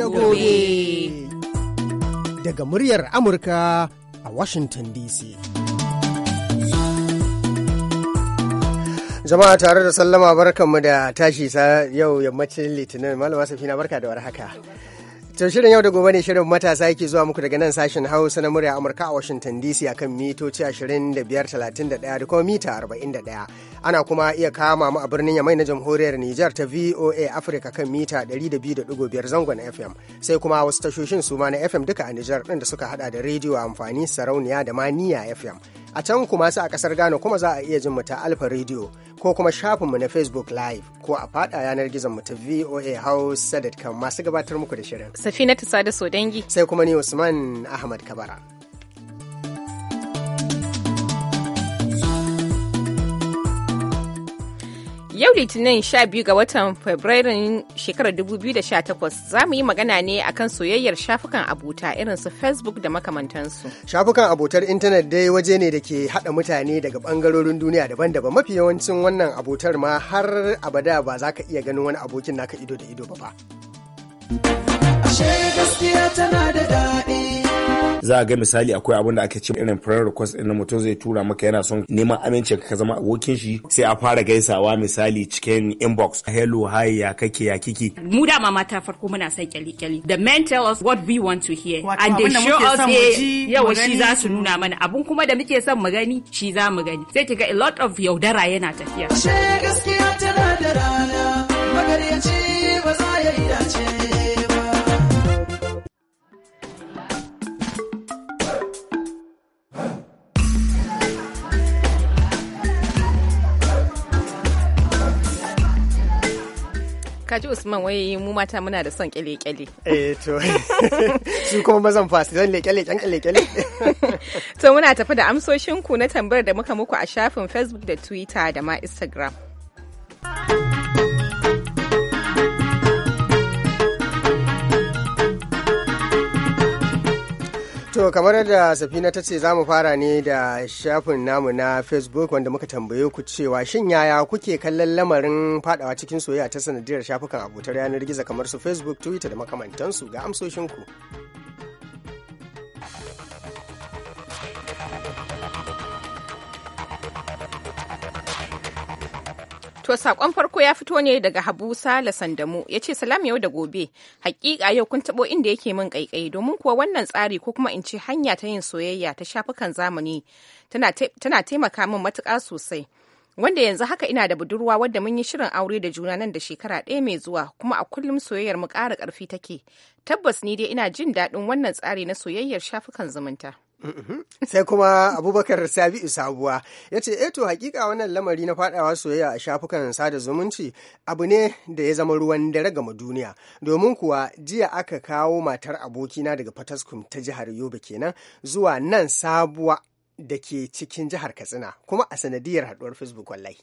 da gobe. Daga muryar Amurka a Washington DC. Jama'a tare da sallama barkanmu da tashi yau yammacin litinin malama safina barka da warhaka. haka. To shirin yau da gobe ne shirin matasa yake zuwa muku daga nan sashen Hausa na murya Amurka a Washington DC akan mitoci 2531 da kuma mita 41. Ana kuma iya kama mu a birnin Yamai na Jamhuriyar Nijar ta VOA Africa kan mita 102.5 zangon FM. Sai kuma wasu tashoshin suma na FM duka a Nijar ɗin da suka hada da rediyo amfani sarauniya da ma FM. a can kuma su a kasar Ghana kuma za a iya jin mu ta Alfa Radio ko kuma shafin mu na Facebook Live ko a fada yanar gizon mu ta VOA Hausa.com masu gabatar muku da shirin. Safina so Sodangi. Sai kuma ni Usman Ahmad Kabara. Yau Litinin 12 ga watan Fabrairun shekarar 2018 za mu yi magana ne akan soyayyar shafukan abota irin su Facebook da makamantansu. Shafukan abotar intanet dai waje ne da ke haɗa mutane daga ɓangarorin duniya daban-daban mafi yawancin wannan abotar ma har abada ba za ka iya ganin wani abokin naka ido da ido ba ba. gaskiya tana da daɗi. za a ga misali akwai abin da ake ce irin friend request din mutum zai tura maka yana son neman amincin ka zama abokin shi sai a fara gaisawa misali cikin inbox hello hi ya kake ya kiki mu da mama ta farko muna son kyali-kyali the men tell us what we want to hear and they show us eh, yawa shi za su nuna mana abun kuma da muke son mu gani shi za mu gani sai kiga a lot of yaudara yana tafiya gaskiya tana da rana ba za ya yi dace kaji Usman wai mu mata muna da son kyale-kyale. Eh to su kuma mazan zan zan leke-leken kyale-kyale. To muna tafi da amsoshinku na tambayar da muka muku a shafin Facebook da Twitter da ma Instagram. To kamar da safina ta ce za mu fara ne da shafin namu na Facebook wanda muka tambaye ku cewa shin yaya kuke kallon lamarin fadawa cikin soyayya ta sanadiyar shafukan abotar yanar gizo kamar su Facebook, Twitter da makamantansu ga amsoshinku. To sakon farko ya fito ne daga Habu Sala Sandamu ya ce salam yau da gobe hakika yau kun taɓo inda yake min kaikai domin kuwa wannan tsari ko kuma in ce hanya ta yin soyayya ta shafukan zamani tana taimaka min matuƙa sosai. wanda yanzu haka ina da budurwa wadda mun yi shirin aure da juna nan da shekara ɗaya mai zuwa kuma a kullum soyayyar mu ƙara ƙarfi take tabbas ni dai ina jin daɗin wannan tsari na soyayyar shafukan zumunta sai kuma abubakar sabi'u sabuwa ya ce eto eh hakika wannan lamari na fadawa soyayya a shafukan sada zumunci abu ne da ya zama ruwan dare gama duniya domin kuwa jiya aka kawo matar abokina daga fataskum ta jihar yobe kenan zuwa nan sabuwa da ke cikin jihar katsina kuma a sanadiyar haduwar facebook wallahi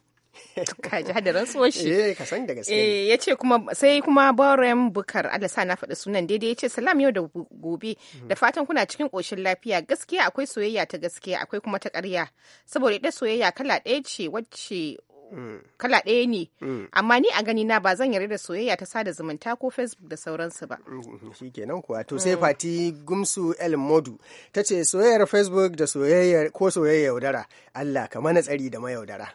ka shi eh ka eh, yace kuma sai kuma Barem Bukar Allah na faɗi sunan daidai yace salam yau da gobe mhm. da fatan kuna cikin koshin lafiya gaskiya akwai soyayya ta gaskiya akwai kuma ta ƙarya saboda ita soyayya kala ɗaya ce wacce mm. kala ɗaya ne mm. amma ni a gani na ba zan yarda da soyayya ta sada zumunta ko facebook da sauransu ba mm, shi kenan kuwa to sai fati gumsu el modu ta ce soyayyar facebook da soyayyar ko soyayyar yaudara allah ka mana tsari da mayaudara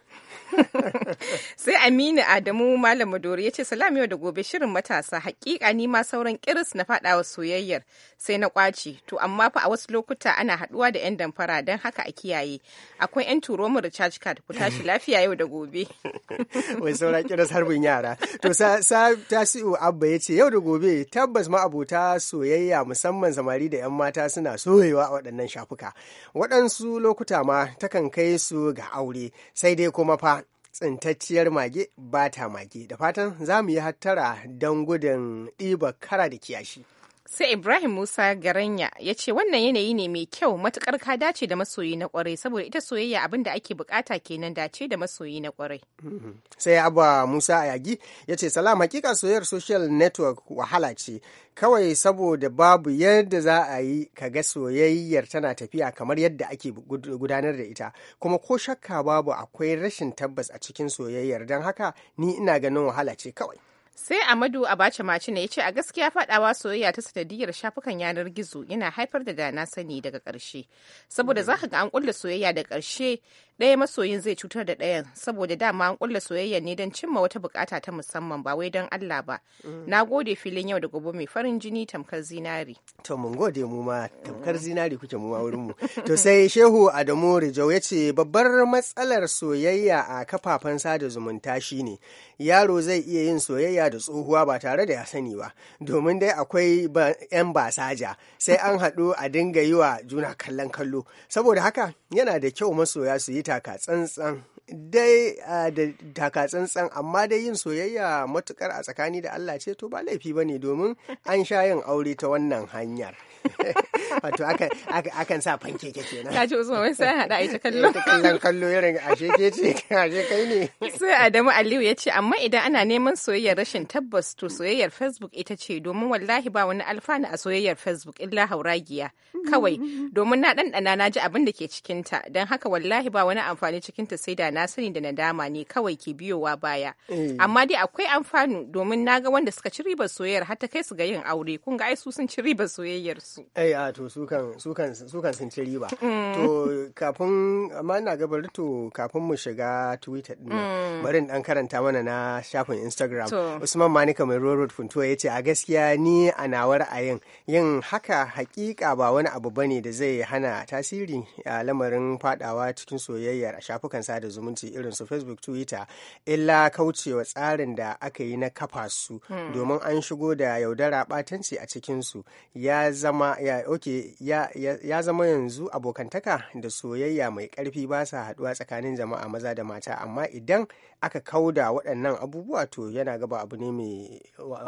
sai aminu adamu malam madori ya ce salam yau da gobe shirin matasa hakika ni ma sauran kiris na fadawa soyayyar sai na kwaci to amma fa a wasu lokuta ana haduwa da yan damfara don haka a kiyaye akwai yan turo mu recharge card ku tashi lafiya yau da gobe wai sauran kiris harbin yara to sa tasiu abba ya ce yau da gobe tabbas ma abota soyayya musamman samari da yan mata suna soyewa a waɗannan shafuka waɗansu lokuta ma takan kai su ga aure sai dai kuma fa tsintacciyar mage ba ta mage da fatan za mu yi hattara don gudun ɗiba kara da kiyashi. sai ibrahim musa garanya ya ce wannan yanayi ne mai kyau matukar ka dace da masoyi na kwarai saboda ita soyayya abin da ake bukata kenan dace da masoyi na kwarai mm-hmm. sai abu musa ayagi ya ce salam hakika soyayyar social network wahala ce kawai saboda babu yadda za a yi kaga soyayyar tana tafiya kamar yadda ake gudanar da ita kuma ko shakka babu akwai rashin tabbas a cikin soyayyar don haka ni ina ganin wahala ce kawai sai amadu abacha maci ne ya ce a gaskiya fadawa soyayya ta sanadiyar shafukan yanar gizo yana haifar da dana sani daga karshe saboda hmm. za ka ga an kulla soyayya da karshe ɗaya masoyin zai cutar da ɗayan saboda dama an ƙulla soyayya ne don cimma wata bukata ta musamman ba wai don Allah ba mm. na gode filin yau da gobe mai farin jini tamkar zinari to mun gode mu ma tamkar zinari kuke mu ma wurin mu to sai shehu Adamu Rijau ya ce babbar matsalar soyayya a kafafen sada zumunta shi ne. yaro zai iya yin soyayya da tsohuwa ba tare da ya sani ba domin dai akwai 'yan basaja sai an haɗu a dinga yi wa juna kallon kallo saboda haka yana da kyau masoya su yi taka tsantsan dai da taka amma dai yin soyayya matukar a tsakani da Allah ce to ba laifi bane domin an sha yin aure ta wannan hanyar wato akan sa fankeke kenan ka ji usman wai sai hada ita kallo eh, kallon kallo irin ashe ke ce ashe kai ne sai adamu aliyu ya ce amma idan ana neman soyayyar rashin tabbas to soyayyar facebook ita ce domin wallahi ba wani alfanu a soyayyar facebook illa hauragiya kawai domin na dandana na ji abin da ke cikinta don haka wallahi ba wani amfani cikinta sai da na sani da nadama ne kawai ke biyowa baya eh. amma dai akwai amfanu domin na ga wanda suka ci ribar soyayyar har ta kai su ga yin aure kun ga ai su sun ci ribar soyayyar su ai eh, a ah, to sukan sukan sun ci riba mm. to kafin amma ina gabar to kafin mu shiga twitter din mm. bari dan karanta mana na shafin instagram usman manika mai road funto ya ce a gaskiya ni a nawar a yin yin haka hakika ba wani abu bane da zai hana tasiri a lamarin fadawa cikin soyayyar a shafukan sada zumunci irin su facebook twitter illa kaucewa tsarin da aka yi na kafa su mm. domin an shigo da yaudara batanci a cikin su ya zama zama ya okay, ya, ya zama yanzu abokantaka da soyayya mai ƙarfi ba sa haɗuwa tsakanin jama'a maza da mata amma idan aka kauda waɗannan abubuwa to yana gaba abu ne mai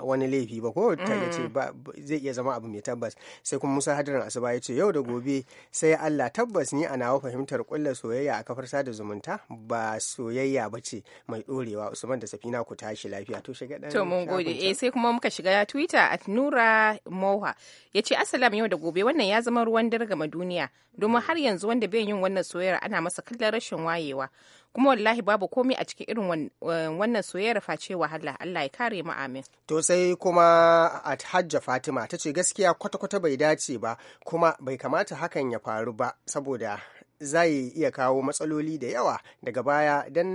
wani laifi ba ko ta ya ce mm. zai iya zama abu mai tabbas sai kuma musa hadirin asuba ya ce yau da gobe sai allah tabbas ni a nawa fahimtar kulla soyayya a kafar sada zumunta ba soyayya ba ce mai ɗorewa usman da safina ku tashi lafiya to shiga ɗan to mun gode eh sai kuma muka shiga twitter at nura moha ya ce asalam yau da gobe wannan ya zama ruwan dirgama duniya domin mm. har yanzu wanda bai yin wannan soyayya ana masa kallon rashin wayewa kuma wallahi babu komai a cikin irin eh, wannan soyayyar face wahala Allah ya kare mu amin to sai kuma at hajja fatima ta ce gaskiya kwata-kwata bai dace ba kuma bai kamata hakan ya faru ba saboda zai iya kawo matsaloli da yawa daga baya don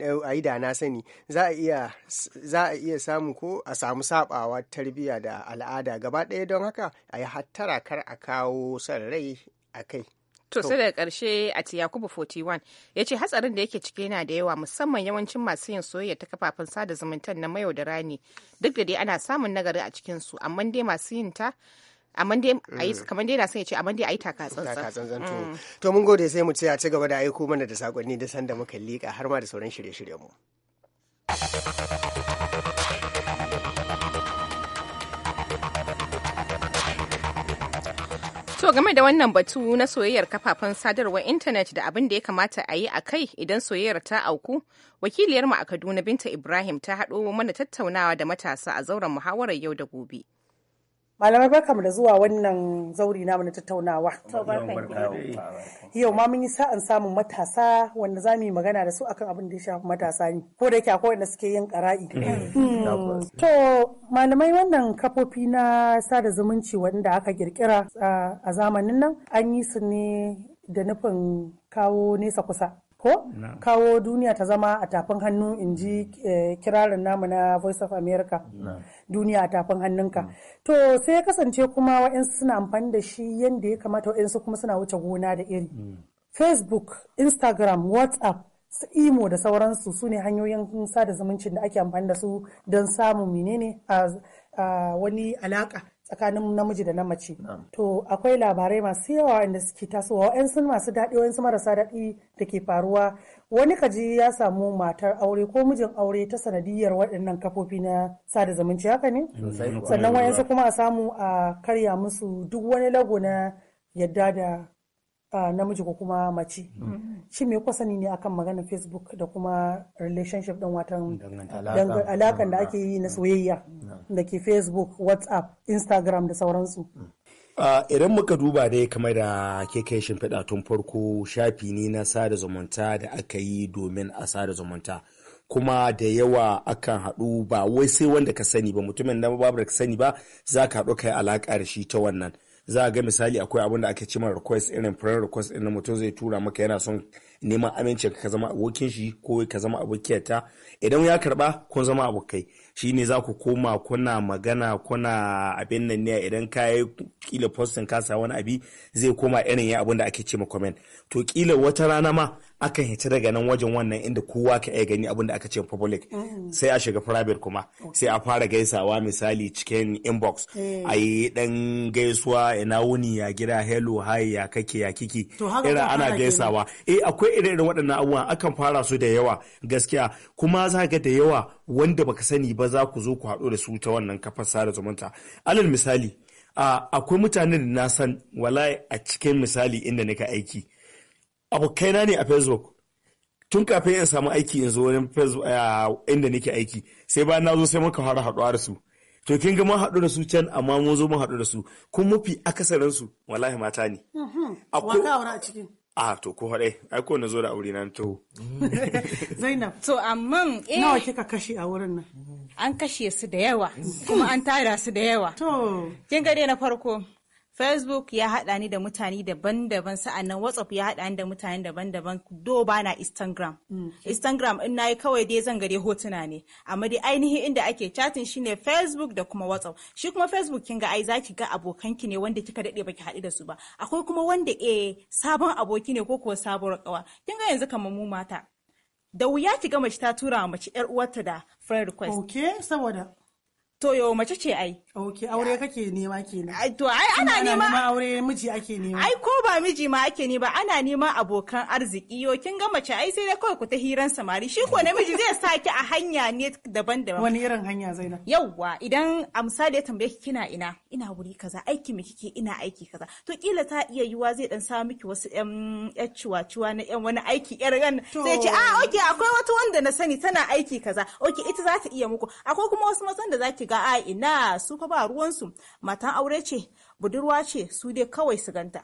eh, a yi da na sani za a iya samu ko a samu sabawa tarbiyya da al'ada gaba ɗaya don haka a yi hattara kar a kawo son rai a kai To sai daga karshe a Tiyakubu 41 ya ce hatsarin da yake ciki yana da yawa musamman yawancin masu yin soyayya ta kafafen sada zumunta na mayo da rani duk da dai ana samun nagari a cikin su amma dai masu yin ta amma dai mm. kamar dai na sai ya ce dai ayi taka tsantsan mm. to mun gode sai mu ce a ci gaba da aiko mana da sakonni da sanda muka lika har ma da sauran shirye-shiryen mu To game da wannan batu na soyayyar kafafen sadarwar intanet da abin da ya kamata a yi a kai idan soyayyar ta auku, wakiliyarmu a Kaduna Binta Ibrahim ta haɗo mana tattaunawa da matasa a zauren muhawarar yau da gobe. malamai barkamu da zuwa wannan zauri namu na tattaunawa yau ma mun yi sa'an samun matasa wanda za mu yi magana da su akan abin da ya shafi matasa ne ko da yake akwai wanda suke yin kara'i eh, hmm. to malamai wannan kafofi na sada zumunci wanda aka kirkira a zamanin nan an yi su ne da nufin kawo nesa kusa ko kawo duniya ta zama a tafin hannu in ji eh, kirarin namu na voice of america duniya a tafin hannunka to sai ya kasance kuma wa'insu suna amfani da shi yadda ya kamata wa'insu kuma suna wuce gona da iri hmm. facebook instagram whatsapp su imo da sauransu su ne hanyoyin sada zumuncin da ake amfani da su don samun menene a wani alaka tsakanin namiji da na mace to akwai labarai masu yawa inda suke tasowa sun masu daɗi wa'yansu marasa daɗi da ke faruwa wani kaji ya samu matar aure ko mijin aure ta sanadiyar waɗannan kafofi na sada zumunci haka ne sannan wa'yansu kuma a samu a karya musu duk wani lago na yadda da namiji ko kuma mace shi me sani ne akan magana facebook da kuma relationship ɗin watan alakan da ake yi na soyayya mm. da ke facebook whatsapp instagram da sauransu idan muka duba dai kamar da ke kai shimfiɗa tun farko shafi ne na sada zumunta da aka yi domin a sada zumunta kuma da yawa akan haɗu ba wai sai wanda ka sani ba mutumin da babu da ka sani ba za ka haɗu kai alaƙa da shi ta wannan za a ga misali akwai abin da ake cimar request irin friend request ɗin mutum zai tura maka yana son neman amincin ka zama abokin shi ko ka zama abokiyar ta idan ya karba kun zama abokai shine za ku koma kuna magana kuna abin nan ne idan ka yi kila postin ka sa wani abi zai koma irin ya abin da ake ce comment to kila wata rana ma akan hita daga nan wajen wannan inda kowa ka iya gani abin da aka ce public mm. sai a shiga private kuma sai a fara gaisawa misali cikin inbox eh. a yi dan gaisuwa ina wuni ya gida hello hi ya kake ya kiki ira ana gaisawa eh akwai ire irin waɗannan abubuwan akan fara su da yawa gaskiya kuma za ka da yawa wanda baka sani ba za ku zo ku haɗu da su ta wannan kafar sada zumunta alal misali akwai mutanen da na san wallahi a cikin misali inda nika aiki abokaina ne a facebook tun kafin in samu aiki in zo wurin facebook inda nake aiki sai bayan na zo sai muka fara haɗuwa da su to kin ga mun haɗu da su can amma mun zo mun haɗu da su kun mafi akasarin su wallahi mata ne akwai mhm. a cikin? a to ko haɗe ai ko na zo da aure na to Zainab to amma eh nawa kika kashe a wurin nan an kashe su da yawa kuma an tara su da yawa to kin ga na farko Facebook ya haɗa ni da mutane daban-daban sa'annan WhatsApp ya haɗa ni da mutane daban-daban do ba na Instagram. Mm, Instagram in nayi kawai dai zan gare hotuna ne amma dai ainihin inda ake chatting shine Facebook da kuma WhatsApp. Shi kuma Facebook kin ga ai zaki ga abokanki ne wanda kika daɗe baki haɗu da su ba. Akwai kuma wanda eh sabon aboki ne ko kuwa sabuwar kawa. Kin ga yanzu kamar mu mata. Da wuya ki ga mace ta tura mace 'yar uwarta da friend request. Okay, saboda. Toyo mace ce ai. Ok, aure kake nema kenan. To ai ana nema. Ana aure miji ake nema. Ai ko ba miji ma ake nema ana nema abokan arziki yo kin ga mace ai sai dai kawai ku ta hiran samari shi ko namiji zai saki a hanya ne daban-daban. Wani irin hanya Zainab? Yawwa idan a misali ya tambaye ki kina ina ina wuri kaza aiki me kike ina aiki kaza to kila ta iya yiwa zai dan sa miki wasu ƴan ƴan ciwa-ciwa na ƴan wani aiki ƴar ran zai ce ah okay akwai wata wanda na sani tana aiki kaza okay ita za ta iya muku akwai kuma wasu mazan da zaki ga ga a ina su fa ba ruwansu matan aure ce budurwa ce su dai kawai su ganta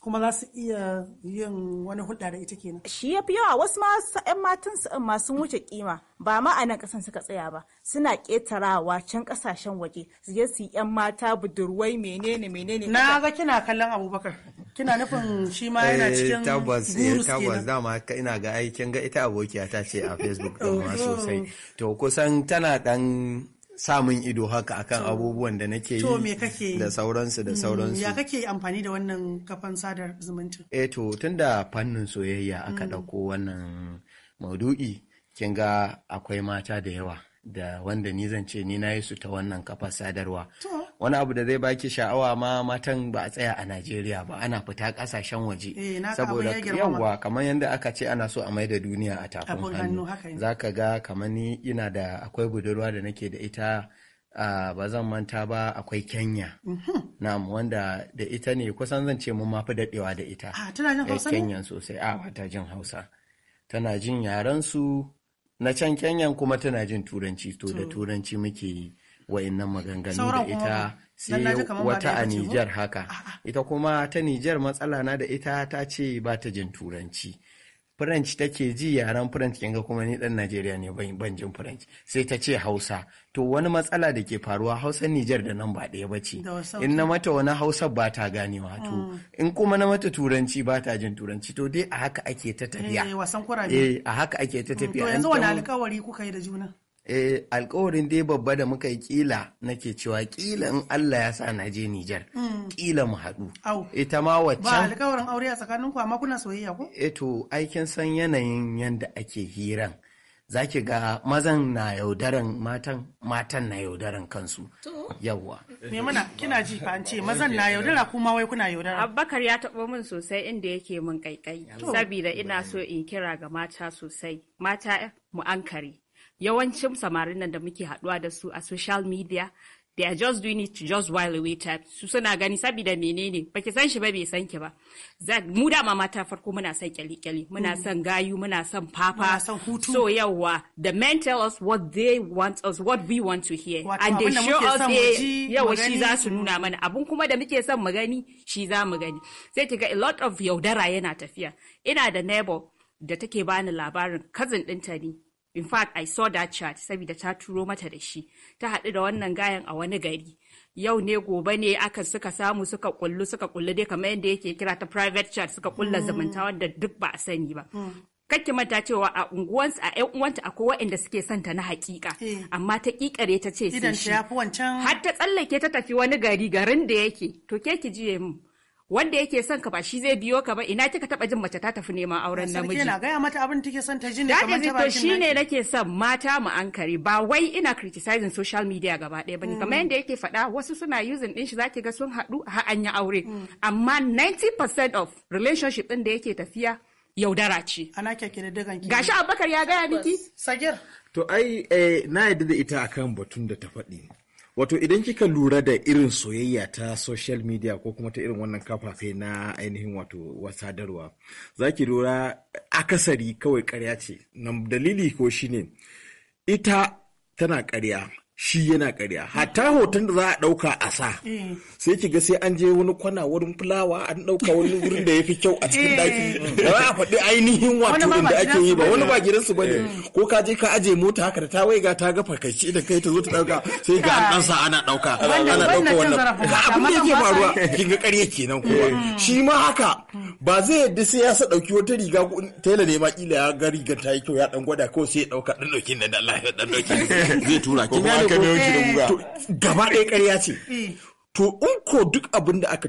kuma za su iya yin wani hulɗa da ita kenan. Shi ya fi yawa wasu masu 'yan matan su masu wuce kima ba ma a nan ƙasan suka tsaya ba suna ƙetarawa can ƙasashen waje su je su yi 'yan mata budurwai menene menene. Na ga kina kallon Abubakar kina nufin shi ma yana eh, cikin tabbas eh, tabbas dama ina ga aikin ga ita abokiya ta ce a Facebook ɗin ma oh. sosai to kusan tana dan. samun ido haka akan abubuwan da nake yi da sauransu da mm, sauransu. Ya kake amfani da wannan kafan sadar zumunci? e eh to tunda fannin soyayya aka mm. ɗauko wannan maudu'i kin ga akwai mata da yawa da wanda ni zan ce ni na yi su ta wannan kafar sadarwa. wani abu da zai baki sha'awa ma matan ba a tsaya a Najeriya ba ana fita kasashen waje eh, saboda yawa kamar yadda aka ce ana so a mai da duniya a tafin hannu zaka ga kamar ni ina da akwai budurwa da nake da ita Uh, ba zan manta ba akwai Kenya. Mhm. Na wanda da ita ne kusan zan ce mun mafi daɗewa da ita. A, ah, tana jin Hausa eh, Kenya sosai. a ah, ba jin Hausa. Tana jin yaren su na can Kenya kuma tana jin Turanci to da Turanci muke yi. wa'innan maganganu da ita sai wata a Nijar haka. Ita kuma ta Nijar matsala na da ita ta ce ba ta jin turanci. French take ji yaren French kinga kuma ni dan Najeriya ne ban jin French sai ta ce Hausa to wani matsala da ke faruwa Hausa Niger da nan ba ɗaya ba ce in na mata wani Hausa ba ta ganewa to hmm. in kuma na mata turanci ba ta jin turanci to dai a haka ake ta tafiya eh, eh a haka ake ta hmm. tafiya to yanzu wani alƙawari kuka yi da juna eh alkawarin dai babba da muka yi kila nake cewa kila in Allah ya sa na je Nijar kila mm. mu haɗu ita ma wacce ba alkawarin aure a tsakanin ku amma kuna soyayya ko eh to aikin san yanayin yanda ake hiran zaki ga mazan na yaudaran matan matan na yaudaran kansu yawwa me mana kina ji fa an ce mazan na yaudara kuma wai kuna yaudara Abubakar ya taɓa min sosai inda yake min kaikai saboda ina so in kira ga mata sosai mata mu ankare yawancin samarin nan da muke haduwa da su a social media they are just doing it to just while away time su suna gani saboda menene baki san shi ba bai san ki ba mu da mata farko muna son kyali-kyali muna mm. son gayu muna son papa Muna son hutu so yawa the men tell us what they want us what we want to hear and they show us they eh, yawa shi za su nuna mana abun kuma da muke son mu gani shi za mu gani sai ki ga a lot of yaudara yana tafiya ina da neighbor da take bani labarin cousin dinta ne in fact i saw that chart saboda ta turo mata da shi ta haɗu da wannan gayan a wani gari yau ne gobe ne aka suka samu suka kullu suka kullu dai kamar yadda yake kira ta private chat suka kulla mm. zumunta wanda duk ba a sani ba mm. kake mata cewa a unguwansu a yan uwanta akwai waɗanda suke son ta na hakika eh. amma ta kikare ta ce sai shi har ta tsallake ta tafi wani gari garin da yake to ke ki jiye mu wanda yake son ka ba shi zai biyo ka ba ina kika taba jin mace ta tafi neman auren namiji sarki na gaya mata abin take son ta ji kamar ta shi ne nake son mata mu ankari ba wai ina criticizing social media gaba ɗaya bane kamar mm. yanda yake faɗa wasu suna using din shi zaki ga sun haɗu a an aure mm. amma 90% of relationship din da yake tafiya yaudara ce ana da dagan ki gashi abubakar ya gaya miki sagir to ai na yadda da ita akan batun da ta faɗi Wato idan kika lura da irin soyayya ta social media ko kuma ta irin wannan kafafe na ainihin wato sadarwa, za ki lura akasari kawai karya ce. Nan dalili ko shine ita tana karya shi yana karya hatta hoton da za a ɗauka a sa eh. sai ki ga sai an je wani kwana wurin fulawa an ɗauka wani wurin da ya fi kyau a cikin daki eh. da za a faɗi ainihin wato da ake yi ba wani ba gidansu ba ne eh. ko ka je ka aje mota haka da ta waiga ta ga shi da kai ta zo ta ɗauka sai ga an sa ana ɗauka ana ɗauka wannan ga abin da yake faruwa kin ga ƙarya kenan kowa shi ma haka ba zai yadda sai ya sa ɗauki wata riga tela ne ma kila ya ga rigar ta yi kyau ya ɗan gwada ko sai ya ɗauka ɗan ɗauki da Allah ya ɗan ɗauki zai tura ki ka biyo da guga gaba ɗaya ƙarya ce e. to in ko duk abin da aka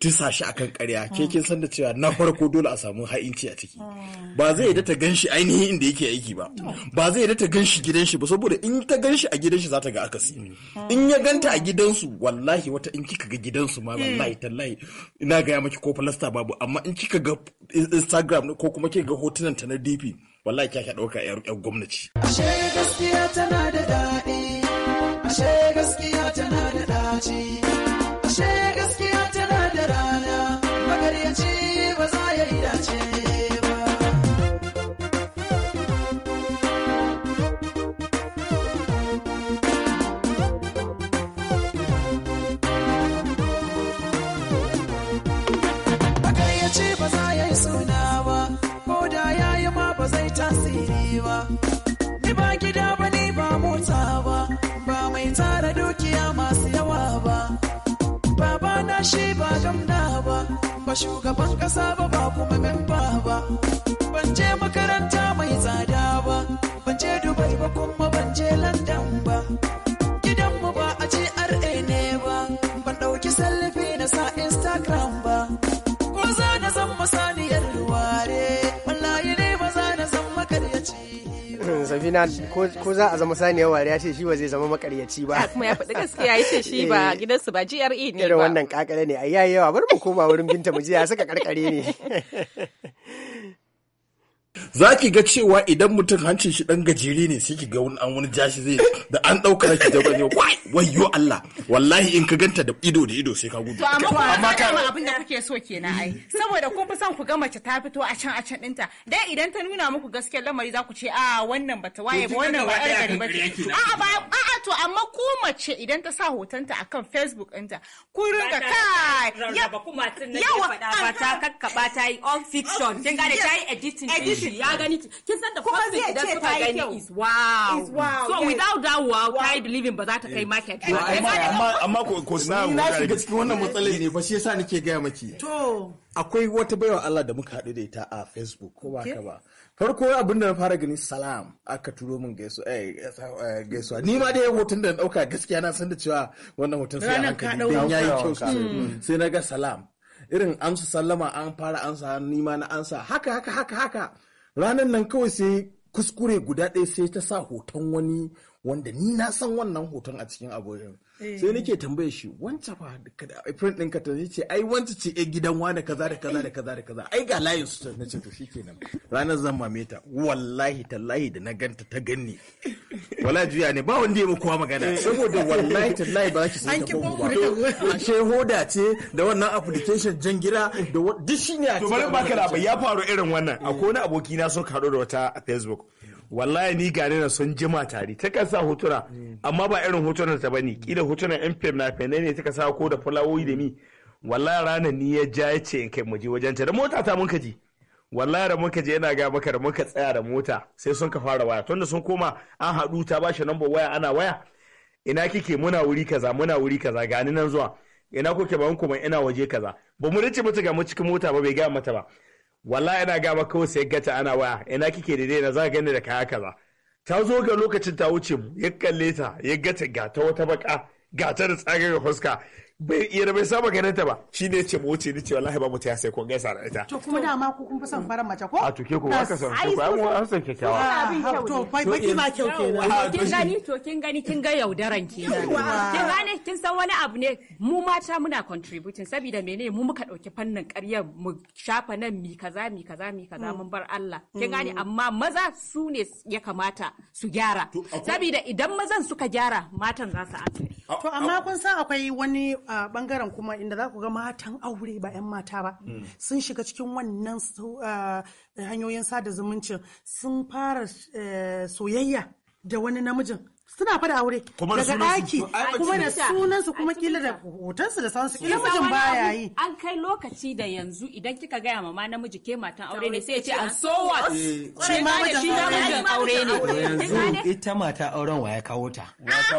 tusa shi akan ƙarya ke kin san da cewa na farko dole a samu ha'inci a ciki hmm. ba zai yadda ta ganshi ainihin inda yake aiki ba hmm. ba zai yadda ta ganshi gidan shi ba saboda in ta ganshi a gidan shi za ta ga akasi hmm. in ya ganta a gidansu wallahi wata in kika ga gidansu ma e. wallahi tallahi ina gaya maki ko falasta babu amma in kika ga Instagram ko kuma kika ga hotunan ta na DP wallahi kya ɗauka dauka yar gwamnati ashe gaskiya tana da daɗi ashe gaskiya tana da ɗaci. ashe ba gamna ba ba shugaban kasa ba ba kuma memba ba Finan ko za a zama saniya wari ya ce shi ba zai zama makaryaci ba. Kuma ya faɗi gaskiya ya ce shi ba eh. gidansu ba GRE ne ba. Irin wannan kakare ne a yayi yawa bar mu koma wurin binta mu jiya ya karkare ne. za ki ga cewa idan mutum hancin shi dan gajere ne sai ki ga wani an wani jashi zai da an dauka ki da wani wayyo Allah wallahi in ka ganta da ido da ido sai ka gudu amma ka amma abin da kuke so kenan ai saboda kun fi son ku ga mace ta fito a can a can dinta dan idan ta nuna muku gaskiyar lamari za ku ce a wannan bata waye ba wannan ba yar gari ba a ba a to amma ku mace idan ta sa hotonta akan Facebook ɗinta ku rinka kai yawa ta kakkaba ta yi all fiction kin ga da ta yi editing ka gani kin san da first thing da suka gani is is wow so without that wow tied living ba za ta kai eh. market amma amma ko suna na shiga cikin wannan matsalar ne fa shi yasa nake gaya maki to akwai wata baiwa Allah da muka haɗu da ita a Facebook ko ba ka ba farko abin da na fara gani salam aka turo min eh, eh, gaisuwa ni ma dai hoton da na dauka gaskiya na san da cewa wannan hoton sai hankali don yayi kyau sai na ga salam irin amsa sallama an fara ansa ni ma na ansa haka haka haka haka ranan nan kawai sai kuskure guda ɗaya sai ta sa hoton wani wanda ni na san wannan hoton a cikin abokin eh. sai nake tambaye shi wancan fa friend ɗinka ta ce ai wanta ce a gidan wani kaza da kaza da kaza da kaza ai ga layin su na ce to shikenan ranar zan mame ta wallahi tallahi da na ganta ta ganni wala juya ne ba wanda ya kowa magana eh. saboda wallahi tallahi ba za ki san ta ba ce hoda ce da wannan application jan gira da duk shine a to bari baka labai ya faru irin wannan akwai wani aboki na so karo da wata a facebook wallahi ni gane na sun jima tare ta kan sa hotuna amma ba irin hotunan ta bane kila hotunan yan fim na fene ne ta sa ko da fulawoyi da mi wallahi ranar ni ya ja ya ce in kai mu je wajen ta da mota ta mun kaji wallahi da muka je yana ga maka da muka tsaya da mota sai sun ka fara waya tunda sun koma an haɗu ta ba bashi lambar waya ana waya ina kike muna wuri kaza muna wuri kaza gani nan zuwa ina kuke mun kuma ina waje kaza ba mu rice mata ga mu cikin mota ba bai ga mata ba wallahi ina ga maka kawai sai gata ana waya ina kike da na za ka gani da kaya kaza ta zo ga lokacin ta wuce mu ya kalle ta ya gata ga ta wata baka ga ta da tsagayen fuska bai iya bai saba ganin ta ba shi ne ce mu wuce ni ce wallahi ba mu ta sai kun gaisa da ita to kuma ma ku kun fi san farar mace ko a to ke ko aka san ku ai mu an san kyakkyawa to fa baki ma kyau kenan kin gani to kin gani kin ga yaudaran kenan kin gane kin san wani abu ne mu mata muna contributing saboda menene mu muka dauki fannin ƙarya mu shafa nan mi kaza mi kaza mi kaza mun bar Allah kin gane mm. amma maza su ne ya kamata su gyara saboda idan mazan suka gyara matan za su asiri to amma kun san akwai wani A bangaren kuma inda za ku ga matan aure ba 'yan mata ba mm. sun shiga cikin wannan hanyoyin sada zumuncin sun fara eh, soyayya da wani namijin suna fada aure daga daki kuma da sunan su kuma kila da hoton su da sauran su kila mijin baya yi an kai lokaci da yanzu idan kika gaya mama namiji ke matan aure ne sai ya ce an so eh, what shi ma mijin aure ne Yanzu ita mata auren wa ya kawo ta to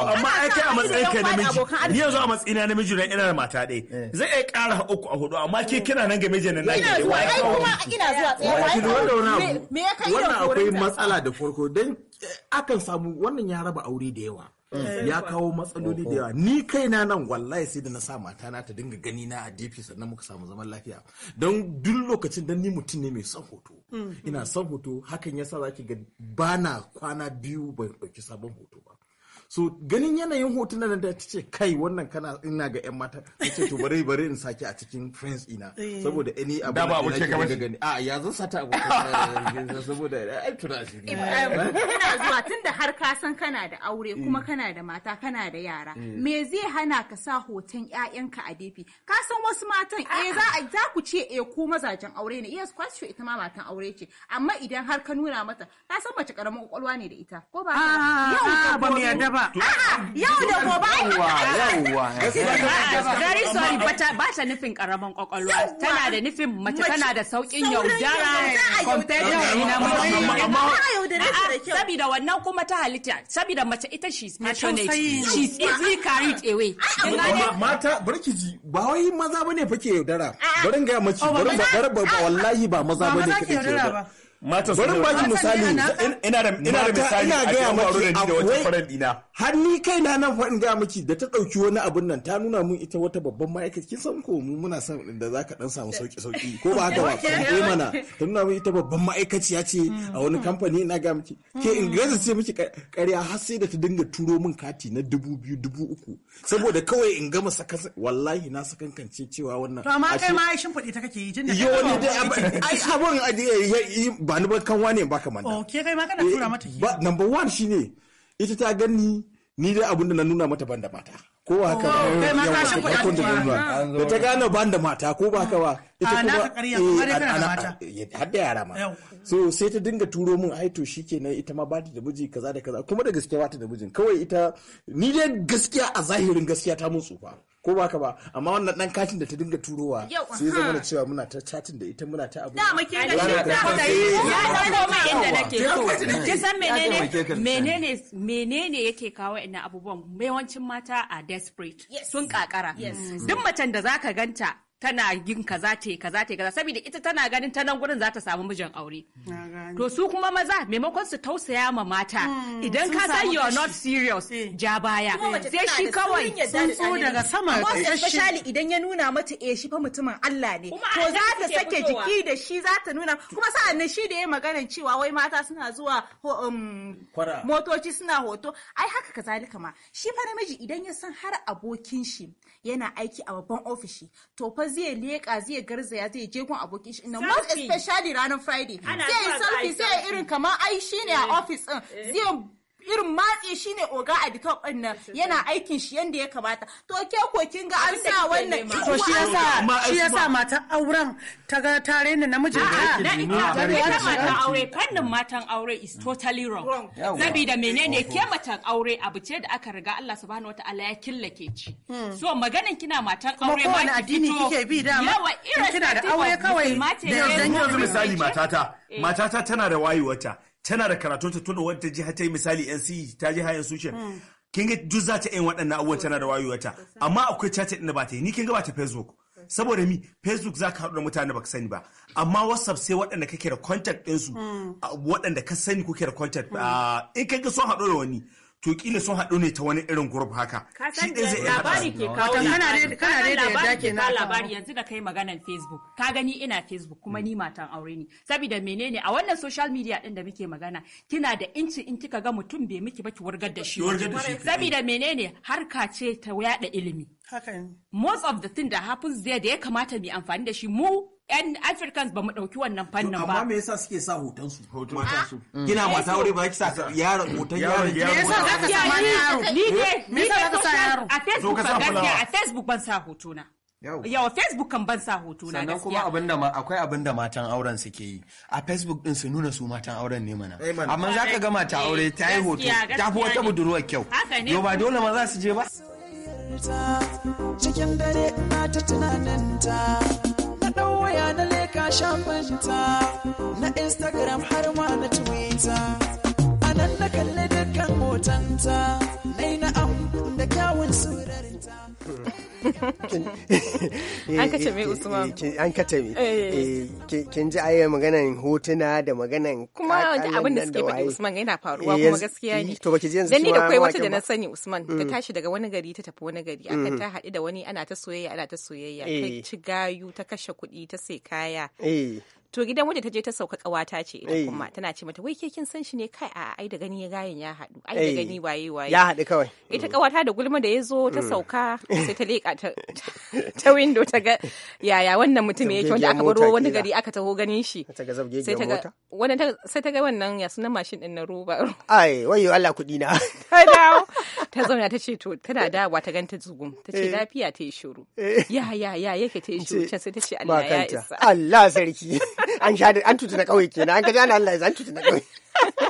amma ai kai a matsayin kai namiji ni yanzu a matsayina namiji na ina da mata dai eh. zai ai kara uku a hudu amma ke eh. kina nan ga mijin nan da ke wa ya kawo ina zuwa tsaye wannan akwai matsala da farko don eh, akan samu wannan ya raba aure da yawa eh. ya kawo matsaloli da yawa ni kai na nan wallahi sai da na sa mata na ta dinga gani na a dp sannan muka samu zaman lafiya don duk lokacin don ni mutum ne mai son hoto mm. ina son hoto hakan yasa zaki ga bana kwana biyu ban ɗauki sabon hoto ba so ganin yanayin hotunan da ta ce kai wannan kana ina ga yan mata ta ce to bari bari in sake a cikin friends ina eh. saboda any abu da ba wuce kamar gani a ya zan sata abu saboda ai tuna shi ina eh. zuwa tunda har ka san kana da aure eh. kuma kana da mata kana da yara me zai hana ka sa hoton ƴaƴanka a dafi ka san wasu matan eh za a za ku ce eh ko mazajen aure ne yes kwashi ita ma matan aure ce amma idan har ka nuna mata ka san mace karamin kwakwalwa ne da ita ko ba ah, ba mu yarda ba yau da gobe yauwa very sorry ba ta nufin karaman kwakwalwa tana da nufin mace tana da saukin yaudara compared to sabida wannan kuma ta halitta sabida mace ita she is passionate she is easily carried away mata barkiji ba wai maza bane fa ke yaudara barin ga mace barin oh, ba wallahi ba maza bane ke yaudara mata su bari baki misali ina da misali a gaya maki akwai har ni kai na nan faɗin ga miki da ta ɗauki wani abun nan ta nuna mun ita wata babban ma'aikaci kin san ko mu muna son da zaka dan samu sauki sauki ko ba haka ba ko mana ta nuna mun ita babban ma'aikaciya ce a wani hmm. kamfani na ga miki hmm. ke in gaza ce miki ƙarya har sai da ta dinga turo min kati na dubu biyu dubu uku saboda kawai in gama saka wallahi na sakankance cewa wannan to amma kai ma shin fadi ta kake yi tunda yo ne dai ai abun ba ni ba kanwa ne ba kamar o ke kai ma kana tura mata eh, ba number 1 shine ita ta ganni ni dai abin da na nuna mata ban da mata ko ba haka ba oh, da ta gane ban da mata ko ba haka ba ita ah, kuma eh, eh, har da yara ma so sai ta dinga turo min ai to shikenan ita ma ba ta da miji kaza da kaza kuma da gaskiya ba ta da mijin kawai ita ni dai gaskiya a zahirin gaskiya ta mutsu fa ko ba ka ba amma wannan dan katin da ta dinga turowa sai zama da cewa muna ta chatin da ita muna ta abu da muke da shi da ya san ma inda nake so ki san menene menene menene yake kawo ina abubuwan yawancin mata a desperate sun kakara duk macen da zaka ganta tana yin kaza ta yi kaza ta yi kaza saboda ita tana ganin ta nan gurin za ta samu mijin aure to su kuma maza maimakon su tausaya ma mata hmm, idan ka san you are not serious eh. ja baya sai shi kawai sun daga sama especially idan ya nuna mata eh shi fa mutumin Allah ne to za ta sake jiki da shi za ta nuna kuma sa'annan shi da ya magana cewa wai mata suna zuwa um, motoci suna hoto ai haka kazalika ma shi fa namiji idan ya san har abokin shi yana aiki a babban ofishi to fa fa zai leka zai garzaya zai je gun abokin shi na most especially ranar friday zai yi selfie sai irin kamar ai shine a eh. office din zai irin matsi shine oga a dikan din yana aikin shi yanda ya kamata to ke ko kin ga an sa wannan to shi yasa shi yasa matan auren ta ga tare ne namiji a na ita matan aure fannin matan aure is totally wrong saboda menene ke matan aure abu ce da aka riga Allah subhanahu wataala ya killake ci hmm. so maganan kina matan aure ma ki fito kike bi da yawa kina da aure kawai da yanzu misali matata eh. matata tana da wayewata tana da karatun ta tunda wata jiha ta yi misali 'yan siyi ta jiha yan suce hmm. kin ga duk za ta yin waɗannan abubuwan tana da wayewarta amma akwai chatin din da ba ta yi ni kin ga ba ta Facebook saboda mi facebook za ka haɗu da mutane baka sani ba amma whatsapp sai waɗanda kake da contact ɗinsu hmm. waɗanda ka sani kuke da contact ah, in kai ga sun haɗu da wani to kila sun haɗu ne ta wani irin group haka shi ɗin zai iya labari ke kawo kana kana da yadda ke na labari yanzu da kai maganan facebook ka gani ina facebook kuma ni matan aure ne saboda menene a wannan social media ɗin da muke magana kina da inci in kika ga mutum bai miki ba ki wargar da shi saboda menene harka ce ta yaɗa ilimi most of the thing that happens there da ya kamata mu amfani da shi mu 'yan Africans ba mu ɗauki wannan fannin ba. Amma me yasa suke sa hoton su? Hoton su. Kina eh, mata aure ba ki sa yaron hoton yaron. Me yasa za ka sa yaro? Ni ne. Me yasa za ka sa yaro? A Facebook ban gaskiya a Facebook ban sa hoto na. Facebook kan ban sa hoto na gaskiya. Sannan kuma abinda akwai abinda matan auren suke yi. A Facebook din su nuna su matan auren ne mana. Eh, amma za ka ga mata eh, aure ta yi hoto ta fi wata budurwar kyau. Haka ne. Yau ba dole ma za su je ba. Cikin dare mata ta tunanin ta. ɗau waya na leka shafinta na instagram har ma na twitter a nan na kalli dukkan hotonta na yi na'am da kyawun surarinta an kace eh, mai usman mai eh, eh, kin ji ayyar maganan hotuna da maganan kuma abin da suke faɗi usman yana faruwa kuma gaskiya ne to baki yanzu ni da kai wata da na sani usman ta mm. tashi daga wani gari ta tafi wani gari akan mm. ta haɗu da wani ana ta soyayya ana ta soyayya kai ci gayu ta kashe kuɗi ta sai kaya to gidan wanda ta je ta sauka kawata ce ita kuma tana ce mata wai ke kin san shi ne kai a ai da gani ya gayin ya haɗu ai da gani waye waye ya haɗu kawai ita kawata da gulma da ya zo ta mm. sauka sai ta leƙa ta ta window ta ga yaya wannan mutum yake wanda aka baro wani gari aka taho ganin shi sai ta ga wannan sai ta ga wannan ya sunan mashin din na roba ai wayo Allah kudi na ta dawo ta zauna ta ce to tana eh. dawa ta ganta zugun ta ce eh. lafiya ta yi shiru eh. ya ya ya yake ta yi shiru can sai ta ce Allah ya isa Allah sarki an sha an tutu na kauye kenan an kaji ana Allah ya an tutu na kauye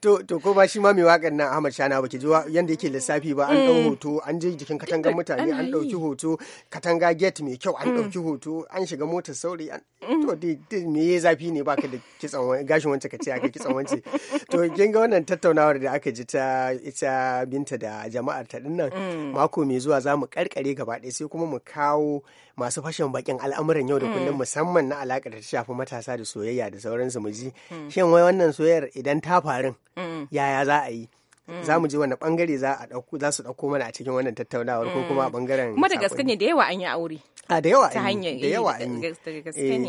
to to ko ba shi ma mai wakan nan Ahmad Shana baki ji yanda yake lissafi ba an dau mm. hoto an je jikin katangar mutane an dauki hoto katanga gate mai kyau an dauki mm. hoto an shiga motar sauri mm. to dai me ya zafi ne baka da kitsan gashin wance ce aka kitsan wance to kin ga wannan tattaunawar da aka ji ta ita binta da jama'ar ta dinnan mako mai zuwa za mu karkare gaba ɗaya sai kuma mu kawo masu fashin bakin al'amuran yau da mm. kullum musamman na alaƙa da ta shafi matasa da soyayya da sauransu mu ji mm. shin wai wannan soyayyar idan ta faru mm. yaya za a yi za mu ji wani bangare za su ɗauko mana a cikin wannan tattaunawar ko kuma a bangaren kuma da gaske ne da yawa an yi aure a da yawa an yi da yawa eh, an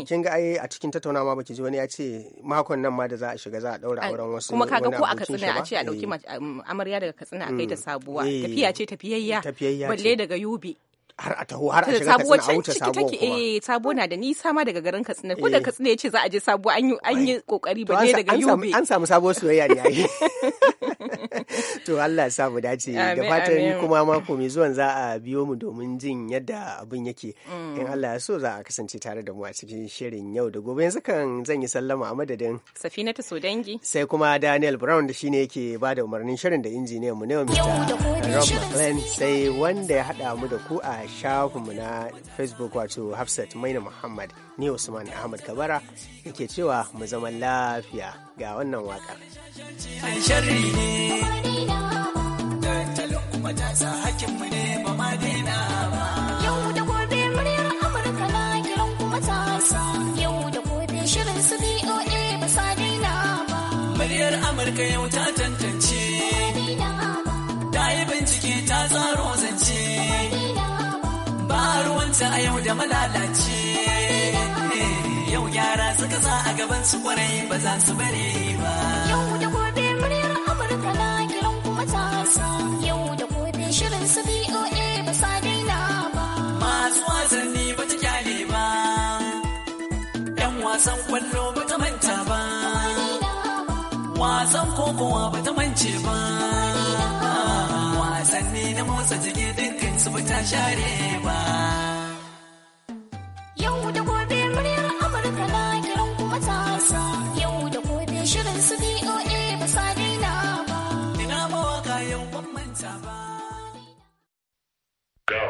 yi eh, kin ga ai a cikin tattaunawa baki ji wani ya ce makon nan ma da za a shiga za a daura auren wasu kuma kaga ko a katsina a ce a dauki eh. um, amarya daga katsina a kai ta sabuwa tafiya ce tafiyayya balle daga yobe har a taho har a shiga katsina a wuce sabo kuma eh sabo na da nisa ma daga garin katsina ko da eh. katsina ya ce za a je sabo an yi kokari ba ne daga yobe an samu sabo soyayya ne yayi to Allah ya samu dace da fatan kuma mako mai zuwan za a biyo mu domin jin yadda abin yake mm. in Allah ya so za a kasance tare da mu a cikin shirin yau da gobe yanzu kan zan yi sallama a madadin Safina ta sodangi sai kuma Daniel Brown da shine yake ba da umarnin shirin da injiniyan mu ne mu Rob sai wanda ya hada mu da ku a shafinmu na facebook wato hafsat maina muhammad ni usman ahmad kabara yake cewa mu zaman lafiya ga wannan waƙar. Yau ta ba Amurka yau ta tantance. matasa a yau da malalaci yau gyara suka sa a gaban su kwarai ba za su bari ba yau da gobe muryar amurka na kiran ku matasa yau da gobe shirin su BOA ba sa daina ba masu wasanni ba ta kyale ba yan wasan kwallo ba ta manta ba wasan kokowa ba ta mance ba wasanni na motsa jiki dinkin su ba ta share ba